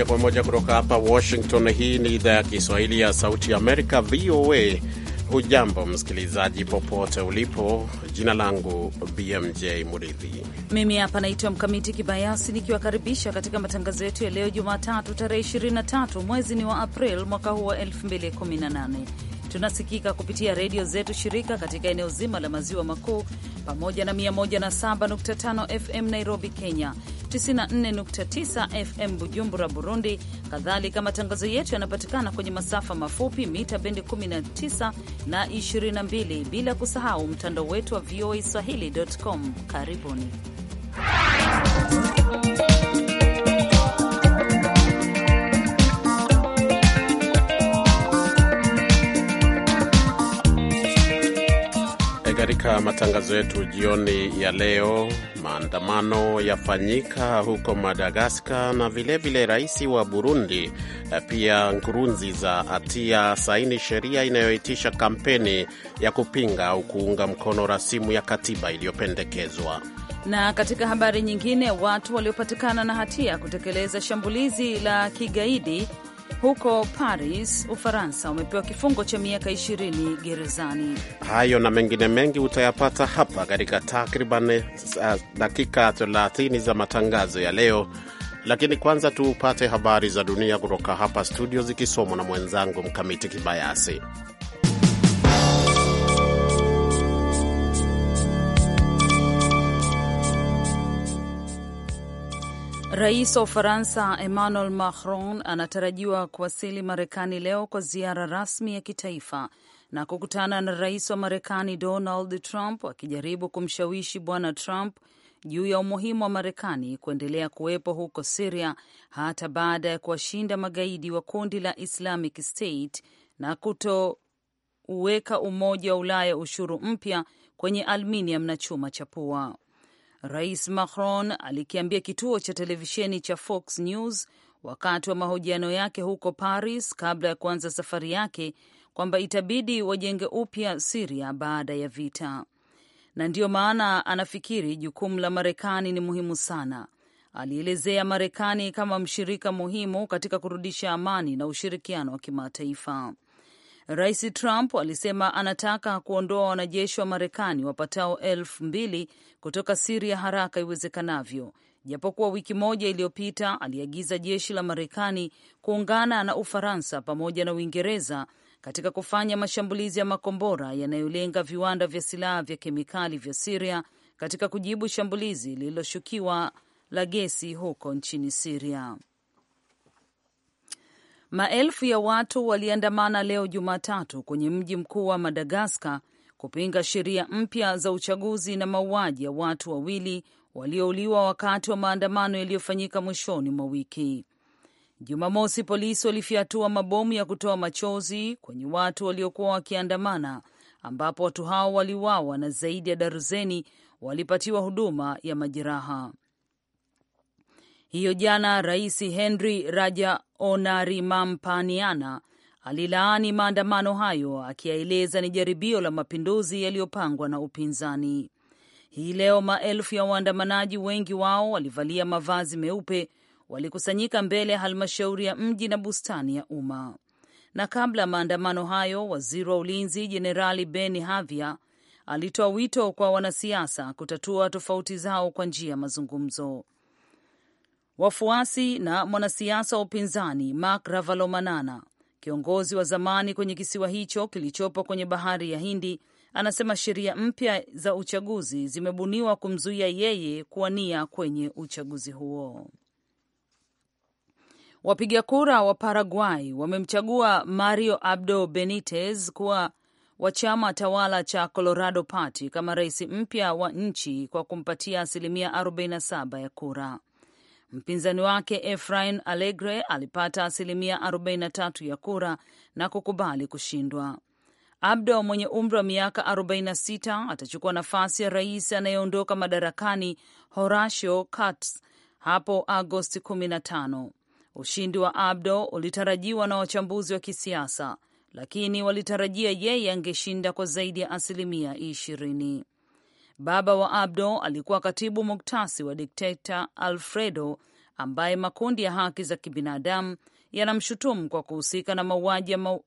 moja kwa moja kutoka hapa Washington. Hii ni idhaa ya Kiswahili ya Sauti ya Amerika, VOA. Hujambo msikilizaji, popote ulipo. Jina langu BMJ Muridhi, mimi hapa naitwa Mkamiti Kibayasi, nikiwakaribisha katika matangazo yetu ya leo Jumatatu tarehe 23 mwezi ni wa April mwaka huu wa 2018 Tunasikika kupitia redio zetu shirika katika eneo zima la maziwa makuu pamoja na 107.5 FM Nairobi, Kenya, 94.9 FM Bujumbura, Burundi. Kadhalika, matangazo yetu yanapatikana kwenye masafa mafupi mita bendi 19 na 22, bila kusahau mtandao wetu wa VOA swahili.com. Karibuni. katika matangazo yetu jioni ya leo, maandamano yafanyika huko Madagaskar na vilevile rais wa Burundi eh, pia Nkurunziza atia saini sheria inayoitisha kampeni ya kupinga au kuunga mkono rasimu ya katiba iliyopendekezwa. Na katika habari nyingine, watu waliopatikana na hatia kutekeleza shambulizi la kigaidi huko Paris, Ufaransa, umepewa kifungo cha miaka 20 gerezani. Hayo na mengine mengi utayapata hapa katika takriban eh, dakika 30 za matangazo ya leo, lakini kwanza tupate habari za dunia kutoka hapa studio, zikisomwa na mwenzangu Mkamiti Kibayasi. Rais wa Ufaransa Emmanuel Macron anatarajiwa kuwasili Marekani leo kwa ziara rasmi ya kitaifa na kukutana na rais wa Marekani Donald Trump, akijaribu kumshawishi Bwana Trump juu ya umuhimu wa Marekani kuendelea kuwepo huko Siria hata baada ya kuwashinda magaidi wa kundi la Islamic State na kutouweka Umoja wa Ulaya ushuru mpya kwenye aluminium na chuma cha pua. Rais Macron alikiambia kituo cha televisheni cha Fox News wakati wa mahojiano yake huko Paris kabla ya kuanza safari yake kwamba itabidi wajenge upya Siria baada ya vita, na ndiyo maana anafikiri jukumu la Marekani ni muhimu sana. Alielezea Marekani kama mshirika muhimu katika kurudisha amani na ushirikiano wa kimataifa. Rais Trump alisema anataka kuondoa wanajeshi wa Marekani wapatao elfu mbili kutoka Siria haraka iwezekanavyo, japokuwa wiki moja iliyopita aliagiza jeshi la Marekani kuungana na Ufaransa pamoja na Uingereza katika kufanya mashambulizi ya makombora yanayolenga viwanda vya silaha vya kemikali vya Siria katika kujibu shambulizi lililoshukiwa la gesi huko nchini Siria. Maelfu ya watu waliandamana leo Jumatatu kwenye mji mkuu wa Madagaskar kupinga sheria mpya za uchaguzi na mauaji ya watu wawili waliouliwa wakati wa maandamano yaliyofanyika mwishoni mwa wiki. Jumamosi, polisi walifyatua mabomu ya kutoa machozi kwenye watu waliokuwa wakiandamana, ambapo watu hao waliuawa na zaidi ya darzeni walipatiwa huduma ya majeraha hiyo jana, Rais Henry Raja Onarimampaniana alilaani maandamano hayo akiyaeleza ni jaribio la mapinduzi yaliyopangwa na upinzani. Hii leo maelfu ya waandamanaji, wengi wao walivalia mavazi meupe, walikusanyika mbele ya halmashauri ya mji na bustani ya umma. Na kabla ya maandamano hayo, waziri wa ulinzi Jenerali beni Havia alitoa wito kwa wanasiasa kutatua tofauti zao kwa njia ya mazungumzo wafuasi na mwanasiasa wa upinzani Marc Ravalomanana, kiongozi wa zamani kwenye kisiwa hicho kilichopo kwenye bahari ya Hindi, anasema sheria mpya za uchaguzi zimebuniwa kumzuia yeye kuwania kwenye uchaguzi huo. Wapiga kura wa Paraguay wamemchagua Mario Abdo Benitez kuwa wa chama tawala cha Colorado Party kama rais mpya wa nchi kwa kumpatia asilimia 47 ya kura. Mpinzani wake Efrain Alegre alipata asilimia 43 ya kura na kukubali kushindwa. Abdo mwenye umri wa miaka 46 atachukua nafasi ya rais anayeondoka madarakani Horacio Cartes hapo Agosti 15. Ushindi wa Abdo ulitarajiwa na wachambuzi wa kisiasa, lakini walitarajia yeye angeshinda kwa zaidi ya asilimia 20. Baba wa Abdo alikuwa katibu muktasi wa dikteta Alfredo ambaye makundi ya haki za kibinadamu yanamshutumu kwa kuhusika na mauaji ya ma...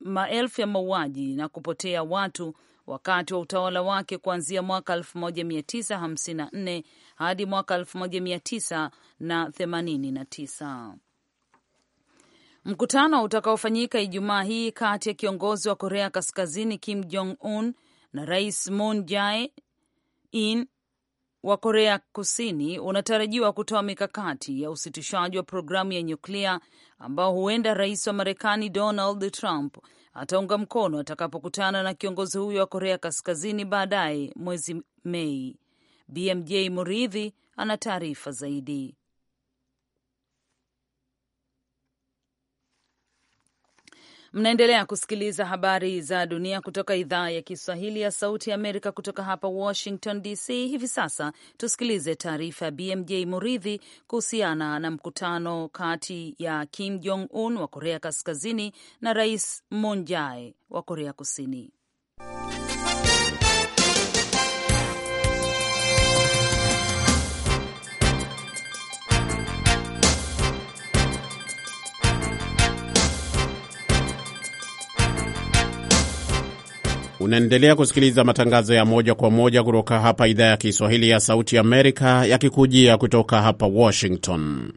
maelfu ya mauaji na kupotea watu wakati wa utawala wake kuanzia mwaka 1954 hadi mwaka 1989. Mkutano utakaofanyika Ijumaa hii kati ya kiongozi wa Korea Kaskazini Kim Jong Un na Rais Moon Jae In wa Korea Kusini unatarajiwa kutoa mikakati ya usitishaji wa programu ya nyuklia ambao huenda rais wa Marekani Donald Trump ataunga mkono atakapokutana na kiongozi huyo wa Korea Kaskazini baadaye mwezi Mei. BMJ Muridhi ana taarifa zaidi. Mnaendelea kusikiliza habari za dunia kutoka idhaa ya Kiswahili ya Sauti ya Amerika kutoka hapa Washington DC. Hivi sasa tusikilize taarifa ya BMJ Muridhi kuhusiana na mkutano kati ya Kim Jong Un wa Korea Kaskazini na Rais Moon Jae wa Korea Kusini. Unaendelea kusikiliza matangazo ya moja kwa moja kutoka hapa idhaa ya Kiswahili ya Sauti Amerika yakikujia kutoka hapa Washington.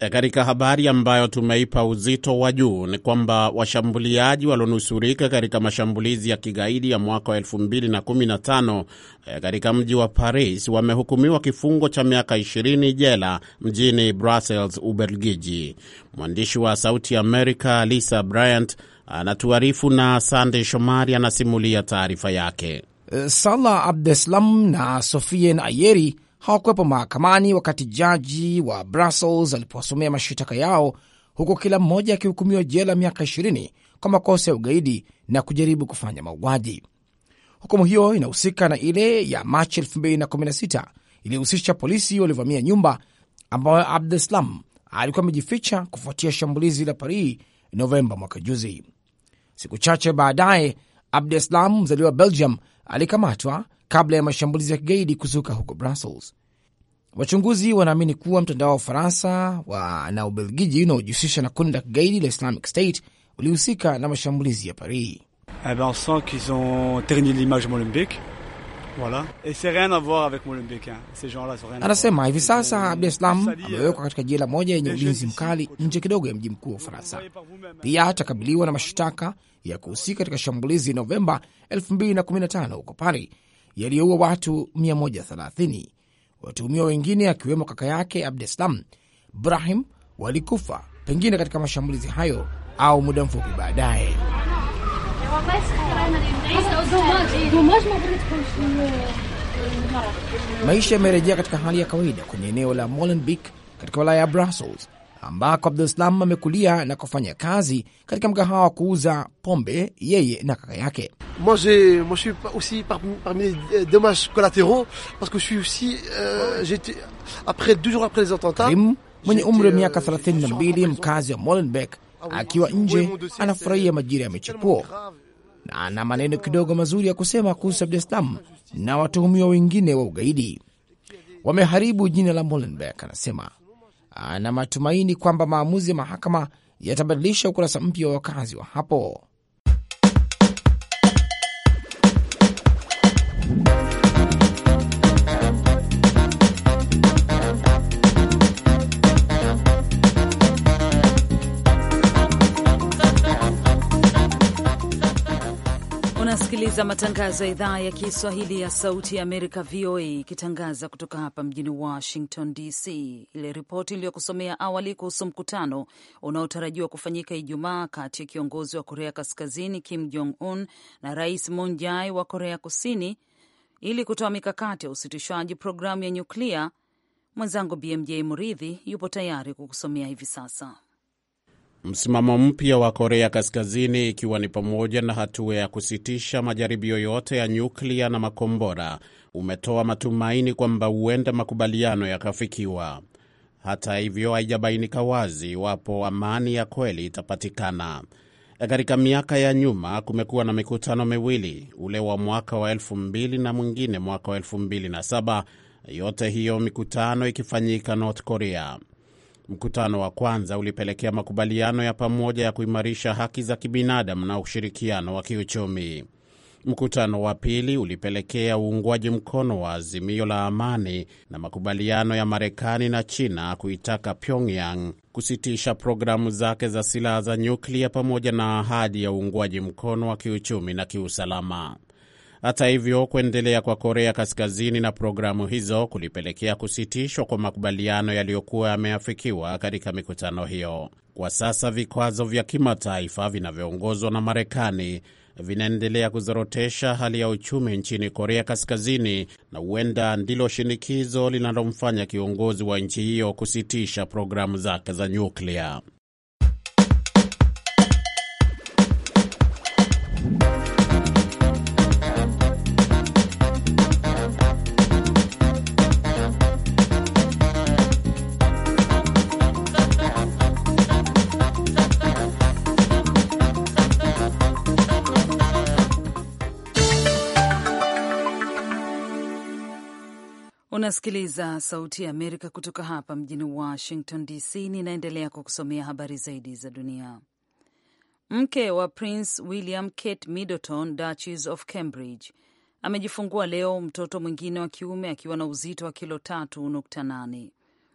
E, katika habari ambayo tumeipa uzito wa juu ni kwamba washambuliaji walionusurika katika mashambulizi ya kigaidi ya mwaka wa 2015 e, katika mji wa Paris wamehukumiwa kifungo cha miaka 20 jela mjini Brussels, Ubelgiji. Mwandishi wa Sauti Amerika Lisa Bryant anatuarifu na Sande Shomari anasimulia taarifa yake. Eh, sala Abdeslam na Sofien Ayeri hawakuwepo mahakamani wakati jaji wa Brussels alipowasomea mashitaka yao, huku kila mmoja akihukumiwa jela miaka 20 kwa makosa ya ugaidi na kujaribu kufanya mauaji. Hukumu hiyo inahusika na ile ya Machi 2016 iliyohusisha polisi waliovamia nyumba ambayo Abdeslam alikuwa amejificha kufuatia shambulizi la Paris Novemba mwaka juzi. Siku chache baadaye, Abdeslam mzaliwa wa Belgium alikamatwa kabla ya mashambulizi ya kigaidi kuzuka huko Brussels. Wachunguzi wanaamini kuwa mtandao wa Ufaransa na Ubelgiji unaojihusisha na kundi la kigaidi la Islamic State ulihusika na mashambulizi ya Paris. Eh ben, on sent qu'ils ont terni l'image olympique Anasema hivi sasa Abdi amewekwa katika jela moja yenye ulinzi mkali nje kidogo ya mji mkuu wa Ufaransa. Pia atakabiliwa na mashtaka ya kuhusika katika shambulizi Novemba 2015 huko Paris yaliyoua watu 130. Watuhumiwa wengine akiwemo kaka yake Abdi Aslam Ibrahim walikufa pengine katika mashambulizi hayo au muda mfupi baadaye. Maisha yamerejea katika hali ya kawaida kwenye eneo la Molenbeek katika wilaya ya Brussels ambako Abdulslam amekulia na kufanya kazi katika mgahawa wa kuuza pombe, yeye na kaka yake. Euh, Karim mwenye umri wa miaka 32, euh, mkazi wa Molenbeek, ah akiwa nje anafurahia majira ya michepuo ana maneno kidogo mazuri ya kusema kuhusu Abdeslam na watuhumiwa wengine wa ugaidi. Wameharibu jina la Molenbeek, anasema. Ana matumaini kwamba maamuzi ya mahakama yatabadilisha ukurasa mpya wa wakazi wa hapo. unasikiliza matangazo ya idhaa ya Kiswahili ya Sauti ya Amerika, VOA, ikitangaza kutoka hapa mjini Washington DC. Ile ripoti iliyokusomea awali kuhusu mkutano unaotarajiwa kufanyika Ijumaa kati ya kiongozi wa Korea Kaskazini Kim Jong Un na Rais Moon Jae wa Korea Kusini ili kutoa mikakati ya usitishwaji programu ya nyuklia. Mwenzangu BMJ Muridhi yupo tayari kukusomea hivi sasa. Msimamo mpya wa Korea Kaskazini ikiwa ni pamoja na hatua ya kusitisha majaribio yote ya nyuklia na makombora umetoa matumaini kwamba huenda makubaliano yakafikiwa. Hata hivyo, haijabainika wazi iwapo amani ya kweli itapatikana. Katika miaka ya nyuma kumekuwa na mikutano miwili, ule wa mwaka wa elfu mbili na mwingine mwaka wa elfu mbili na saba, yote hiyo mikutano ikifanyika North Korea. Mkutano wa kwanza ulipelekea makubaliano ya pamoja ya kuimarisha haki za kibinadamu na ushirikiano wa kiuchumi. Mkutano wa pili ulipelekea uungwaji mkono wa azimio la amani na makubaliano ya Marekani na China kuitaka Pyongyang kusitisha programu zake za silaha za nyuklia pamoja na ahadi ya uungwaji mkono wa kiuchumi na kiusalama. Hata hivyo, kuendelea kwa Korea Kaskazini na programu hizo kulipelekea kusitishwa kwa makubaliano yaliyokuwa yameafikiwa katika mikutano hiyo. Kwa sasa vikwazo vya kimataifa vinavyoongozwa na Marekani vinaendelea kuzorotesha hali ya uchumi nchini Korea Kaskazini na huenda ndilo shinikizo linalomfanya kiongozi wa nchi hiyo kusitisha programu zake za nyuklia. Unasikiliza Sauti ya Amerika kutoka hapa mjini Washington DC. Ninaendelea kukusomea habari zaidi za dunia. Mke wa Prince William, Kate Middleton, Duchess of Cambridge, amejifungua leo mtoto mwingine wa kiume akiwa na uzito wa kilo tatu nukta nane.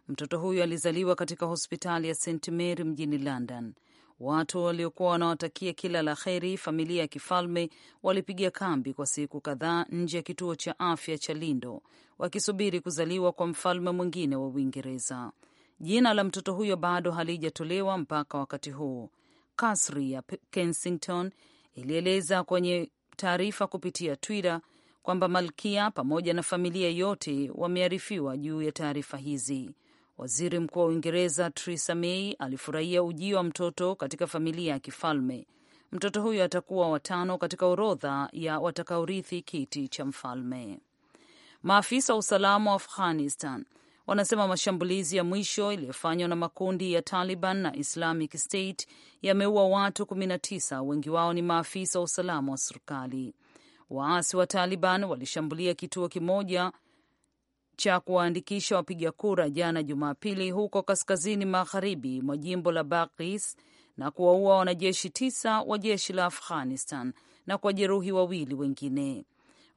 Mtoto huyo alizaliwa katika hospitali ya St Mary mjini London. Watu waliokuwa wanawatakia kila la heri familia ya kifalme walipiga kambi kwa siku kadhaa nje ya kituo cha afya cha Lindo wakisubiri kuzaliwa kwa mfalme mwingine wa Uingereza. Jina la mtoto huyo bado halijatolewa mpaka wakati huu. Kasri ya Kensington ilieleza kwenye taarifa kupitia Twitter kwamba malkia pamoja na familia yote wamearifiwa juu ya taarifa hizi. Waziri Mkuu wa Uingereza Theresa May alifurahia ujio wa mtoto katika familia ya kifalme. Mtoto huyo atakuwa watano katika orodha ya watakaorithi kiti cha mfalme. Maafisa wa usalama wa Afghanistan wanasema mashambulizi ya mwisho yaliyofanywa na makundi ya Taliban na Islamic State yameua watu 19, wengi wao ni maafisa wa usalama wa serikali. Waasi wa Taliban walishambulia kituo kimoja cha kuwaandikisha wapiga kura jana Jumapili huko kaskazini magharibi mwa jimbo la Bakis na kuwaua wanajeshi tisa wa jeshi la Afghanistan na kuwajeruhi wawili wengine.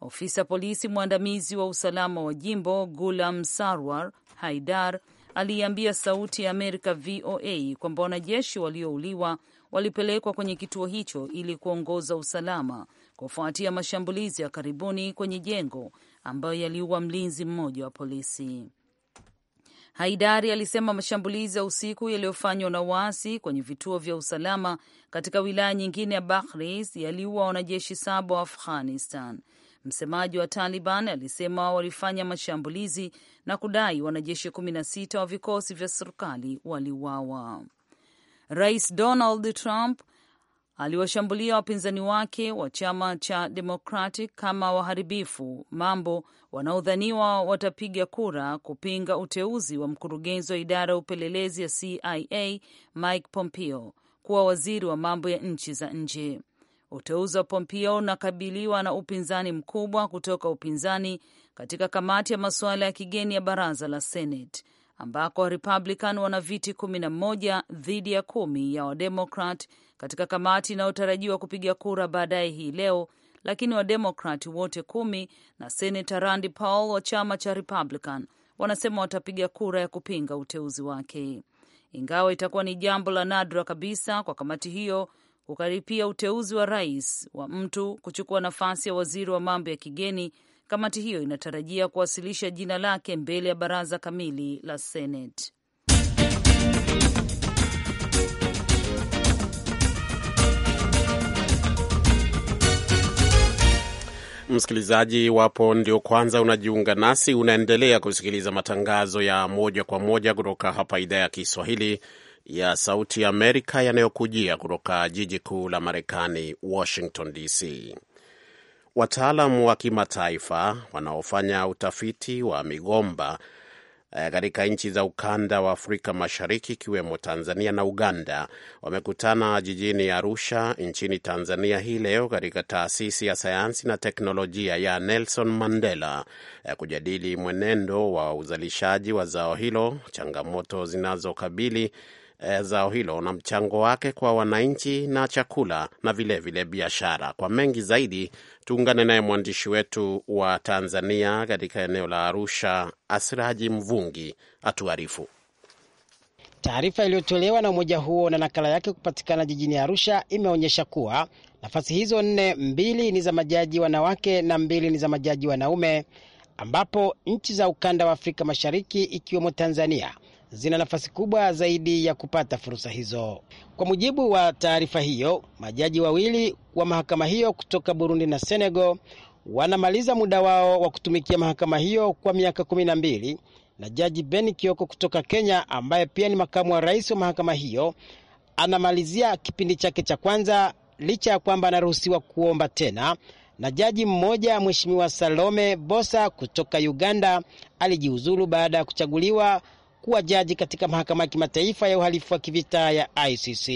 Ofisa polisi mwandamizi wa usalama wa jimbo Gulam Sarwar Haidar aliiambia Sauti ya Amerika VOA kwamba wanajeshi waliouliwa walipelekwa kwenye kituo hicho ili kuongoza usalama kufuatia mashambulizi ya karibuni kwenye jengo ambayo yaliua mlinzi mmoja wa polisi. Haidari alisema mashambulizi ya usiku yaliyofanywa na waasi kwenye vituo vya usalama katika wilaya nyingine ya Bahris yaliua wanajeshi saba wa Afghanistan. Msemaji wa Taliban alisema walifanya mashambulizi na kudai wanajeshi 16 wa vikosi vya serikali waliuawa. Rais Donald Trump aliwashambulia wapinzani wake wa chama cha Democratic kama waharibifu mambo wanaodhaniwa watapiga kura kupinga uteuzi wa mkurugenzi wa idara ya upelelezi ya CIA Mike Pompeo kuwa waziri wa mambo ya nchi za nje. Uteuzi wa Pompeo unakabiliwa na upinzani mkubwa kutoka upinzani katika kamati ya masuala ya kigeni ya baraza la Senate ambako Warepublican wana viti kumi na moja dhidi ya kumi ya Wademokrat katika kamati inayotarajiwa kupiga kura baadaye hii leo, lakini Wademokrat wote kumi na Senata Randi Paul wa chama cha Republican wanasema watapiga kura ya kupinga uteuzi wake, ingawa itakuwa ni jambo la nadra kabisa kwa kamati hiyo kukaripia uteuzi wa rais wa mtu kuchukua nafasi ya waziri wa mambo ya kigeni Kamati hiyo inatarajia kuwasilisha jina lake mbele ya baraza kamili la Seneti. Msikilizaji wapo ndio kwanza unajiunga nasi, unaendelea kusikiliza matangazo ya moja kwa moja kutoka hapa idhaa ya Kiswahili ya Sauti ya Amerika yanayokujia kutoka jiji kuu la Marekani, Washington DC. Wataalam wa kimataifa wanaofanya utafiti wa migomba eh, katika nchi za ukanda wa Afrika Mashariki ikiwemo Tanzania na Uganda wamekutana jijini Arusha nchini Tanzania hii leo katika taasisi ya sayansi na teknolojia ya Nelson Mandela eh, kujadili mwenendo wa uzalishaji wa zao hilo, changamoto zinazokabili eh, zao hilo na mchango wake kwa wananchi na chakula na vilevile biashara. Kwa mengi zaidi, tuungane naye mwandishi wetu wa Tanzania katika eneo la Arusha, Asiraji Mvungi atuarifu. Taarifa iliyotolewa na umoja huo na nakala yake kupatikana jijini Arusha imeonyesha kuwa nafasi hizo nne, mbili ni za majaji wanawake na mbili ni za majaji wanaume, ambapo nchi za ukanda wa Afrika Mashariki ikiwemo Tanzania zina nafasi kubwa zaidi ya kupata fursa hizo. Kwa mujibu wa taarifa hiyo, majaji wawili wa mahakama hiyo kutoka Burundi na Senegal wanamaliza muda wao wa kutumikia mahakama hiyo kwa miaka kumi na mbili na jaji Ben Kioko kutoka Kenya ambaye pia ni makamu wa rais wa mahakama hiyo anamalizia kipindi chake cha kwanza licha ya kwamba anaruhusiwa kuomba tena. Na jaji mmoja Mheshimiwa Salome Bosa kutoka Uganda alijiuzulu baada ya kuchaguliwa kuwa jaji katika mahakama ya kimataifa ya uhalifu wa kivita ya ICC.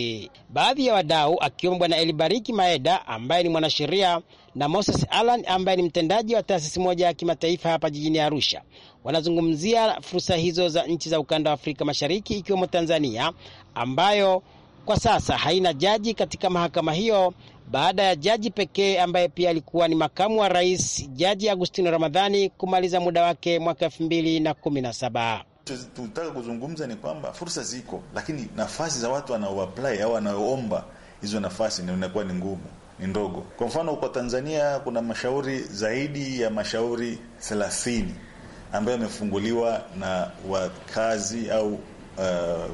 Baadhi ya wadau akiwemo Bwana Elibariki Maeda ambaye ni mwanasheria na Moses Alan ambaye ni mtendaji wa taasisi moja ya kimataifa hapa jijini Arusha wanazungumzia fursa hizo za nchi za ukanda wa Afrika Mashariki ikiwemo Tanzania ambayo kwa sasa haina jaji katika mahakama hiyo baada ya jaji pekee ambaye pia alikuwa ni makamu wa rais, Jaji Agustino Ramadhani kumaliza muda wake mwaka elfu mbili na kumi na saba. Tutaka kuzungumza ni kwamba fursa ziko, lakini nafasi za watu wanaoapply au wanaoomba hizo nafasi inakuwa ni ngumu, ni ndogo. Kwa mfano, kwa Tanzania kuna mashauri zaidi ya mashauri thelathini ambayo yamefunguliwa na wakazi au uh,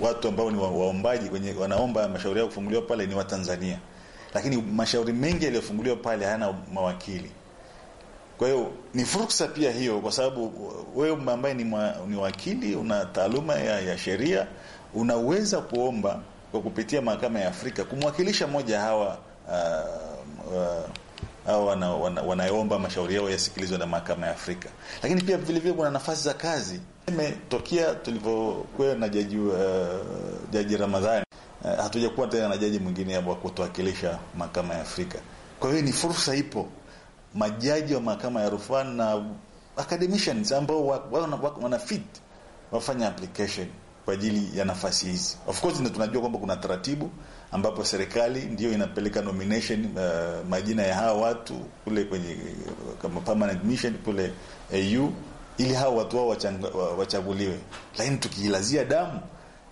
watu ambao ni waombaji wenye wanaomba mashauri yao kufunguliwa pale ni Watanzania, lakini mashauri mengi yaliyofunguliwa pale hayana mawakili. Kwa hiyo ni fursa pia hiyo, kwa sababu wewe ambaye ni, ni wakili una taaluma ya, ya sheria unaweza kuomba kwa kupitia mahakama ya Afrika kumwakilisha moja hawa uh, uh, au wanaomba wana, mashauri yao yasikilizwe na mahakama ya Afrika. Lakini pia vilevile kuna nafasi za kazi. Imetokea tulivyokuwa na jaji uh, jaji Ramadhani uh, hatujakuwa tena na jaji mwingine wa kutuwakilisha mahakama ya Afrika. Kwa hiyo ni fursa ipo majaji wa mahakama ya rufaa na academicians ambao wana fit wafanya application kwa ajili ya nafasi hizi. Of course ndio tunajua kwamba kuna taratibu ambapo serikali ndiyo inapeleka nomination uh, majina ya hawa watu kule kwenye uh, kama permanent mission kule AU ili hawa watu wao wachaguliwe, lakini tukiilazia damu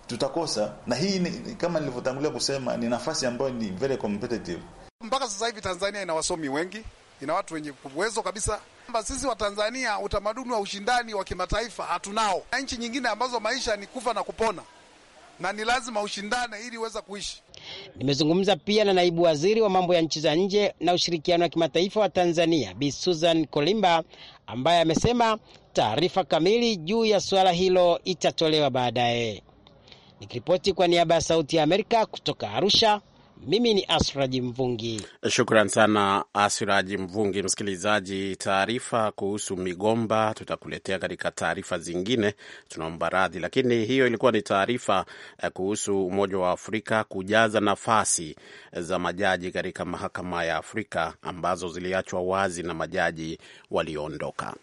tutakosa. Na hii ni, kama nilivyotangulia kusema ni nafasi ambayo ni very competitive. Mpaka sasa hivi Tanzania ina wasomi wengi ina watu wenye uwezo kabisa. Sisi Watanzania utamaduni wa ushindani wa kimataifa hatunao, na nchi nyingine ambazo maisha ni kufa na kupona na ni lazima ushindane ili uweza kuishi. Nimezungumza pia na naibu waziri wa mambo ya nchi za nje na ushirikiano wa kimataifa wa Tanzania, Bi Susan Kolimba, ambaye amesema taarifa kamili juu ya suala hilo itatolewa baadaye. Nikiripoti kwa niaba ya Sauti ya Amerika kutoka Arusha. Mimi ni Asraji Mvungi. Shukran sana Asraji Mvungi. Msikilizaji, taarifa kuhusu migomba tutakuletea katika taarifa zingine, tunaomba radhi, lakini hiyo ilikuwa ni taarifa eh, kuhusu Umoja wa Afrika kujaza nafasi eh, za majaji katika Mahakama ya Afrika ambazo ziliachwa wazi na majaji walioondoka.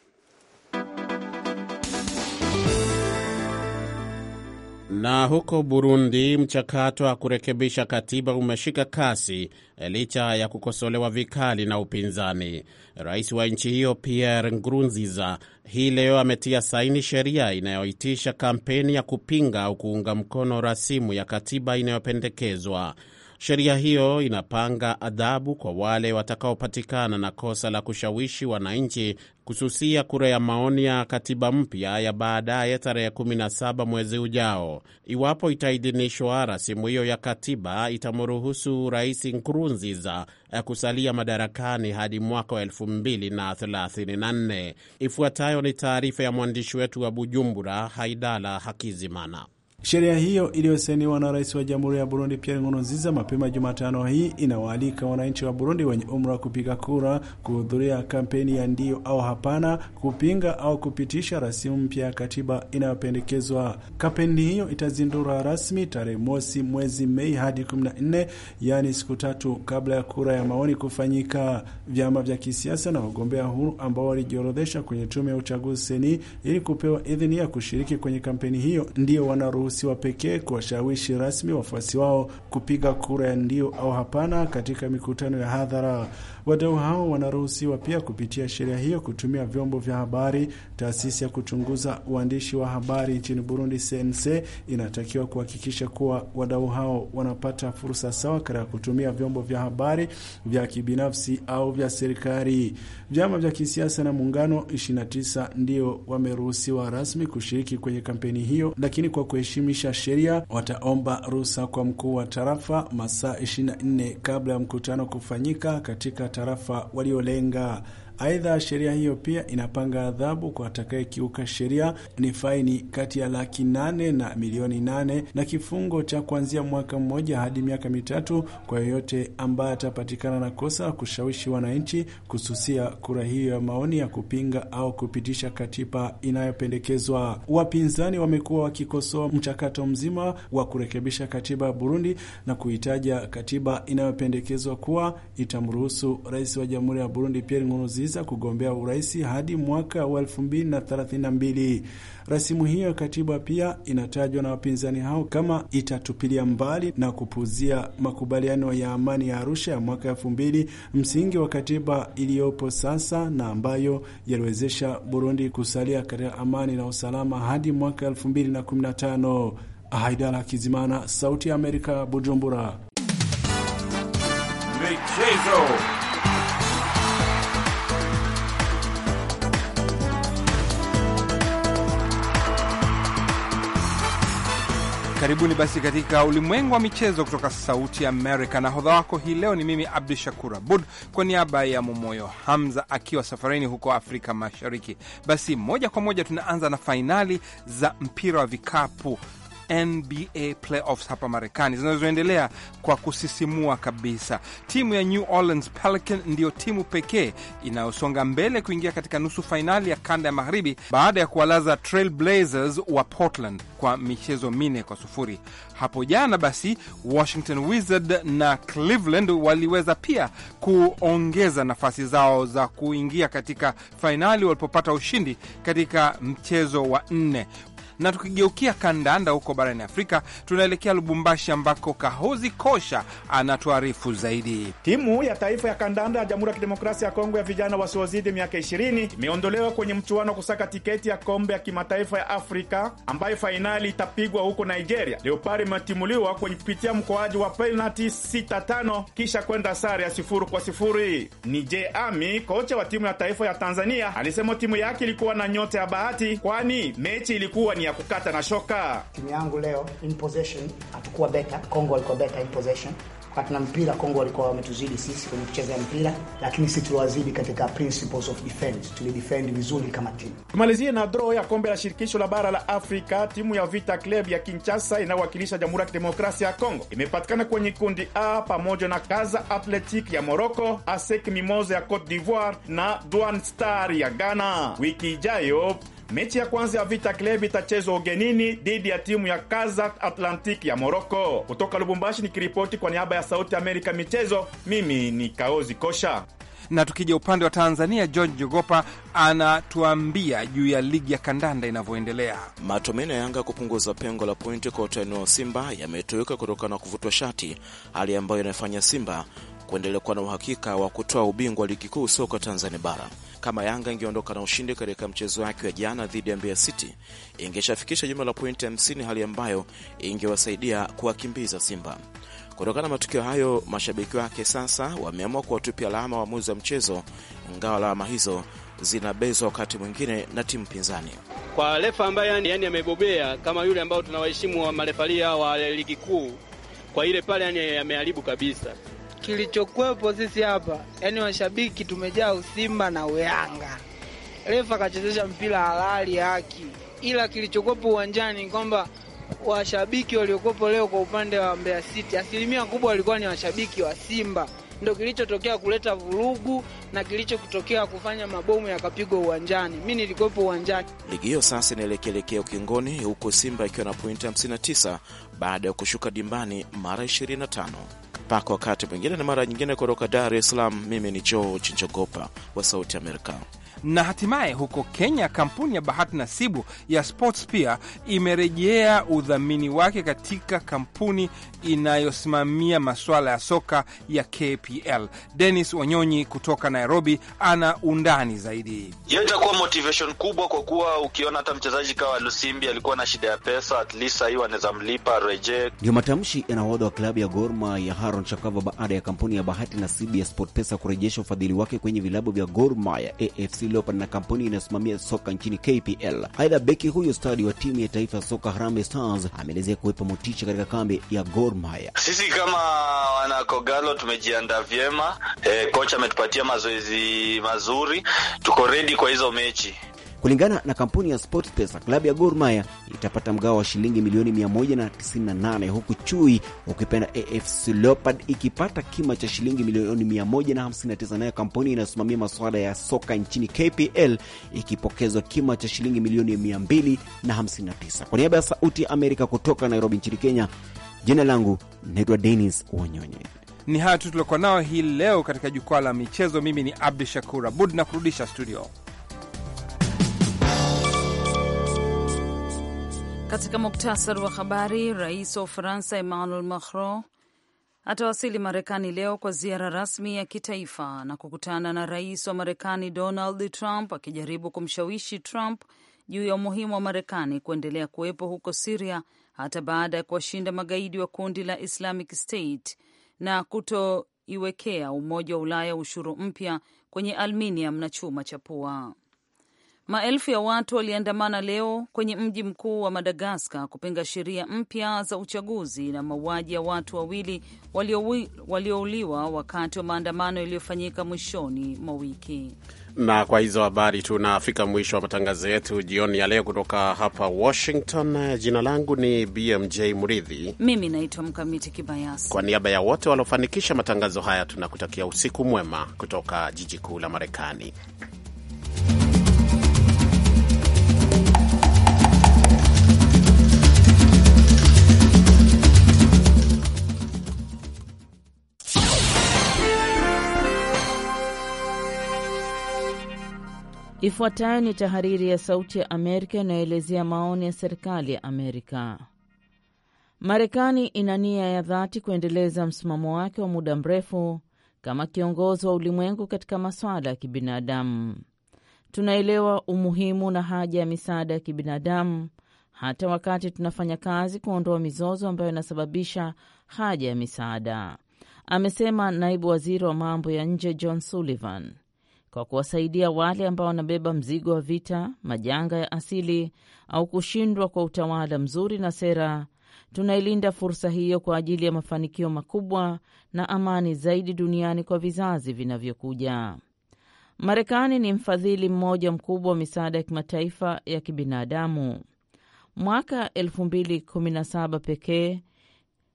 Na huko Burundi, mchakato wa kurekebisha katiba umeshika kasi eh, licha ya kukosolewa vikali na upinzani. Rais wa nchi hiyo Pierre Nkurunziza hii leo ametia saini sheria inayoitisha kampeni ya kupinga au kuunga mkono rasimu ya katiba inayopendekezwa. Sheria hiyo inapanga adhabu kwa wale watakaopatikana na kosa la kushawishi wananchi kususia kura ya maoni ya katiba mpya ya baadaye tarehe 17 mwezi ujao. Iwapo itaidhinishwa, rasimu hiyo ya katiba itamruhusu Rais Nkurunziza eh, kusalia madarakani hadi mwaka wa 2034. Ifuatayo ni taarifa ya mwandishi wetu wa Bujumbura, Haidala Hakizimana. Sheria hiyo iliyosainiwa na rais wa jamhuri ya Burundi Pierre Nkurunziza mapema Jumatano hii inawaalika wananchi wa Burundi wenye umri wa kupiga kura kuhudhuria kampeni ya ndio au hapana, kupinga au kupitisha rasimu mpya ya katiba inayopendekezwa. Kampeni hiyo itazindura rasmi tarehe mosi mwezi Mei hadi 14, yaani siku tatu kabla ya kura ya maoni kufanyika. Vyama vya kisiasa na wagombea huru ambao walijiorodhesha kwenye tume ya uchaguzi seni ili kupewa idhini ya kushiriki kwenye kampeni hiyo ndio wanaruhusiwa weusi wa pekee kuwashawishi rasmi wafuasi wao kupiga kura ya ndio au hapana katika mikutano ya hadhara. Wadau hao wanaruhusiwa pia kupitia sheria hiyo kutumia vyombo vya habari. Taasisi ya kuchunguza uandishi wa habari nchini Burundi, CNC, inatakiwa kuhakikisha kuwa wadau hao wanapata fursa sawa katika kutumia vyombo vya habari vya kibinafsi au vya serikali. Vyama vya kisiasa na muungano 29 ndio wameruhusiwa rasmi kushiriki kwenye kampeni hiyo, lakini kwa kuheshimisha sheria wataomba ruhusa kwa mkuu wa tarafa masaa 24 kabla ya mkutano kufanyika katika tarafa waliolenga Aidha, sheria hiyo pia inapanga adhabu kwa atakayekiuka sheria ni faini kati ya laki nane na milioni nane na kifungo cha kuanzia mwaka mmoja hadi miaka mitatu kwa yoyote ambaye atapatikana na kosa kushawishi wananchi kususia kura hiyo ya maoni ya kupinga au kupitisha katiba inayopendekezwa. Wapinzani wamekuwa wakikosoa mchakato mzima wa kurekebisha katiba ya Burundi na kuitaja katiba inayopendekezwa kuwa itamruhusu rais wa jamhuri ya Burundi Pierre Nkurunziza kumaliza kugombea urais hadi mwaka wa 2032. Rasimu hiyo ya katiba pia inatajwa na wapinzani hao kama itatupilia mbali na kupuzia makubaliano ya amani ya Arusha ya mwaka mbili, msingi wa katiba iliyopo sasa na ambayo yaliwezesha Burundi kusalia katika amani na usalama hadi mwaka tano. Haidara Kizimana, Sauti ya Amerika, Bujumbura. Michezo. Karibuni basi katika ulimwengu wa michezo kutoka Sauti Amerika. Nahodha wako hii leo ni mimi Abdu Shakur Abud kwa niaba ya Momoyo Hamza akiwa safarini huko Afrika Mashariki. Basi moja kwa moja tunaanza na fainali za mpira wa vikapu NBA playoffs hapa Marekani zinazoendelea kwa kusisimua kabisa. Timu ya New Orleans Pelican ndiyo timu pekee inayosonga mbele kuingia katika nusu fainali ya kanda ya magharibi baada ya kuwalaza Trail Blazers wa Portland kwa michezo minne kwa sufuri. Hapo jana basi, Washington wizard na Cleveland waliweza pia kuongeza nafasi zao za kuingia katika fainali walipopata ushindi katika mchezo wa nne na tukigeukia kandanda huko barani Afrika, tunaelekea Lubumbashi ambako Kahozi Kosha anatuarifu zaidi. Timu ya taifa ya kandanda ya Jamhuri ya Kidemokrasia ya Kongo ya vijana wasiozidi miaka 20 imeondolewa kwenye mchuano wa kusaka tiketi ya kombe ya kimataifa ya Afrika ambayo fainali itapigwa huko Nigeria. Leopari imetimuliwa kwenye kupitia mkoaji wa penalti 6-5 kisha kwenda sare ya sifuri kwa sifuri. Ni Je Ami, kocha wa timu ya taifa ya Tanzania, alisema timu yake ilikuwa na nyota ya bahati, kwani mechi ilikuwa ni ya kukata na shoka. Timu yangu leo in possession hatukuwa beta, Kongo alikuwa beta in possession kwa na mpira Kongo walikuwa wametuzidi sisi kwenye kucheza mpira, lakini sisi tuliwazidi katika principles of defense. Tulidefend vizuri kama timu. Tumalizie na draw ya kombe la shirikisho la bara la Afrika. Timu ya Vita Club ya Kinshasa inayowakilisha Jamhuri ya Kidemokrasia ya Kongo imepatikana kwenye kundi A pamoja na Kaza Athletic ya Morocco, ASEC Mimosa ya Cote d'Ivoire na Duan Star ya Ghana. Wiki ijayo Mechi ya kwanza ya Vita Club itachezwa ugenini dhidi ya timu ya Kazakh Atlantic ya Moroko. Kutoka Lubumbashi nikiripoti kwa niaba ya Sauti Amerika michezo, mimi ni Kaozi Kosha. Na tukija upande wa Tanzania, George Jogopa anatuambia juu ya ligi ya kandanda inavyoendelea. Matumaini ya Yanga kupunguza pengo la pointi kwa utani wa Simba yametoweka kutokana na kuvutwa shati, hali ambayo inafanya Simba kuendelea kuwa na uhakika wa kutoa ubingwa ligi kuu soka Tanzania bara. Kama Yanga ingeondoka na ushindi katika mchezo wake wa jana dhidi ya Mbeya City, ingeshafikisha jumla la pointi 50, hali ambayo ingewasaidia kuwakimbiza Simba. Kutokana na matukio hayo, mashabiki wake sasa wameamua kuwatupia alama waamuzi wa mchezo, ingawa alama hizo zinabezwa wakati mwingine na timu pinzani. Kwa refa ambaye yani, yani amebobea kama yule ambao tunawaheshimu wa marefalia wa ligi kuu, kwa ile pale yani ameharibu kabisa kilichokuwepo sisi hapa, yani washabiki tumejaa Usimba na Uyanga. Refa akachezesha mpira halali haki, ila kilichokuwepo uwanjani kwamba washabiki waliokuwepo leo kwa upande wa Mbeya City asilimia kubwa walikuwa ni washabiki wa Simba ndo kilichotokea kuleta vurugu na kilichotokea kufanya mabomu yakapigwa uwanjani. Mi nilikuwepo uwanjani. Ligi hiyo sasa inaelekelekea ukingoni, huku Simba ikiwa na pointi 59 baada ya kushuka dimbani mara 25. Mpaka wakati mwingine na mara nyingine, kutoka Dar es Salaam, mimi ni George Njogopa wa Sauti Amerika. Na hatimaye huko Kenya, kampuni ya bahati nasibu ya pia imerejea udhamini wake katika kampuni inayosimamia masuala ya soka ya KPL. Dennis Wanyonyi kutoka Nairobi ana undani zaidi. Hiyo itakuwa motivation kubwa, kwa kuwa ukiona hata mchezaji kawa Lusimbi alikuwa na shida ya pesa, at least sahii wanaweza mlipa reje. Ndio matamshi yanahodha wa klabu ya Gorma ya Haron Chakava baada ya kampuni ya bahati nasibu ya Sportpesa kurejesha ufadhili wake kwenye vilabu vya Gorma ya AFC Leopard na kampuni inayosimamia soka nchini KPL. Aidha, beki huyo stadi wa timu ya taifa ya soka Harambee Stars ameelezea kuwepo motisha katika kambi ya Gor Mahia. Sisi kama wanakogalo tumejiandaa vyema. E, kocha ametupatia mazoezi mazuri, tuko redi kwa hizo mechi. Kulingana na kampuni ya SportPesa, klabu ya Gor Mahia itapata mgao wa shilingi milioni 198 huku Chui ukipenda AFC Leopards ikipata kima cha shilingi milioni 159, nayo kampuni inayosimamia masuala ya soka nchini KPL ikipokezwa kima cha shilingi milioni 259. Kwa niaba ya Sauti ya Amerika kutoka Nairobi nchini Kenya, jina langu naitwa Denis Wanyonye. Ni hayo tu tuliokuwa nao hii leo katika jukwaa la michezo. Mimi ni Abdu Shakur Abud na kurudisha studio. Katika muktasari wa habari, rais wa Ufaransa Emmanuel Macron atawasili Marekani leo kwa ziara rasmi ya kitaifa na kukutana na rais wa Marekani Donald Trump, akijaribu kumshawishi Trump juu ya umuhimu wa Marekani kuendelea kuwepo huko Siria hata baada ya kuwashinda magaidi wa kundi la Islamic State na kutoiwekea Umoja wa Ulaya ushuru mpya kwenye aluminium na chuma cha pua. Maelfu ya watu waliandamana leo kwenye mji mkuu wa Madagaskar kupinga sheria mpya za uchaguzi na mauaji ya watu wawili waliouliwa wakati wa maandamano yaliyofanyika mwishoni mwa wiki. Na kwa hizo habari tunafika mwisho wa matangazo yetu jioni ya leo kutoka hapa Washington. Jina langu ni BMJ Mridhi, mimi naitwa Mkamiti Kibayasi. Kwa niaba ya wote waliofanikisha matangazo haya tunakutakia usiku mwema kutoka jiji kuu la Marekani. Ifuatayo ni tahariri ya Sauti ya Amerika inayoelezea maoni ya serikali ya Amerika. Marekani ina nia ya dhati kuendeleza msimamo wake wa muda mrefu kama kiongozi wa ulimwengu katika masuala ya kibinadamu. Tunaelewa umuhimu na haja ya misaada ya kibinadamu hata wakati tunafanya kazi kuondoa mizozo ambayo inasababisha haja ya misaada, amesema naibu waziri wa mambo ya nje John Sullivan kwa kuwasaidia wale ambao wanabeba mzigo wa vita, majanga ya asili au kushindwa kwa utawala mzuri na sera. Tunailinda fursa hiyo kwa ajili ya mafanikio makubwa na amani zaidi duniani kwa vizazi vinavyokuja. Marekani ni mfadhili mmoja mkubwa wa misaada ya kimataifa ya kibinadamu. Mwaka 2017 pekee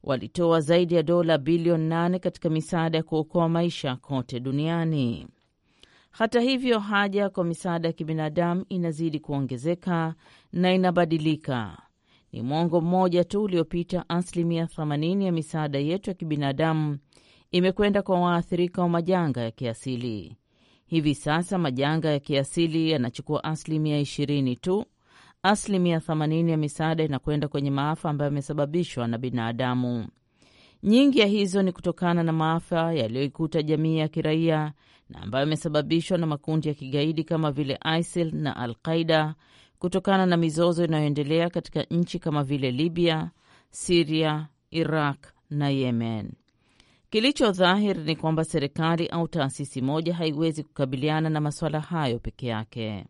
walitoa zaidi ya dola bilioni 8 katika misaada ya kuokoa maisha kote duniani. Hata hivyo, haja kwa misaada ya kibinadamu inazidi kuongezeka na inabadilika. Ni mwongo mmoja tu uliopita, asilimia 80 ya misaada yetu ya kibinadamu imekwenda kwa waathirika wa majanga ya kiasili. Hivi sasa majanga ya kiasili yanachukua asilimia 20 tu. Asilimia 80 ya misaada inakwenda kwenye maafa ambayo yamesababishwa na binadamu. Nyingi ya hizo ni kutokana na maafa yaliyoikuta jamii ya kiraia na ambayo imesababishwa na makundi ya kigaidi kama vile ISIL na Al Qaida kutokana na mizozo inayoendelea katika nchi kama vile Libya, Siria, Iraq na Yemen. Kilicho dhahiri ni kwamba serikali au taasisi moja haiwezi kukabiliana na masuala hayo peke yake.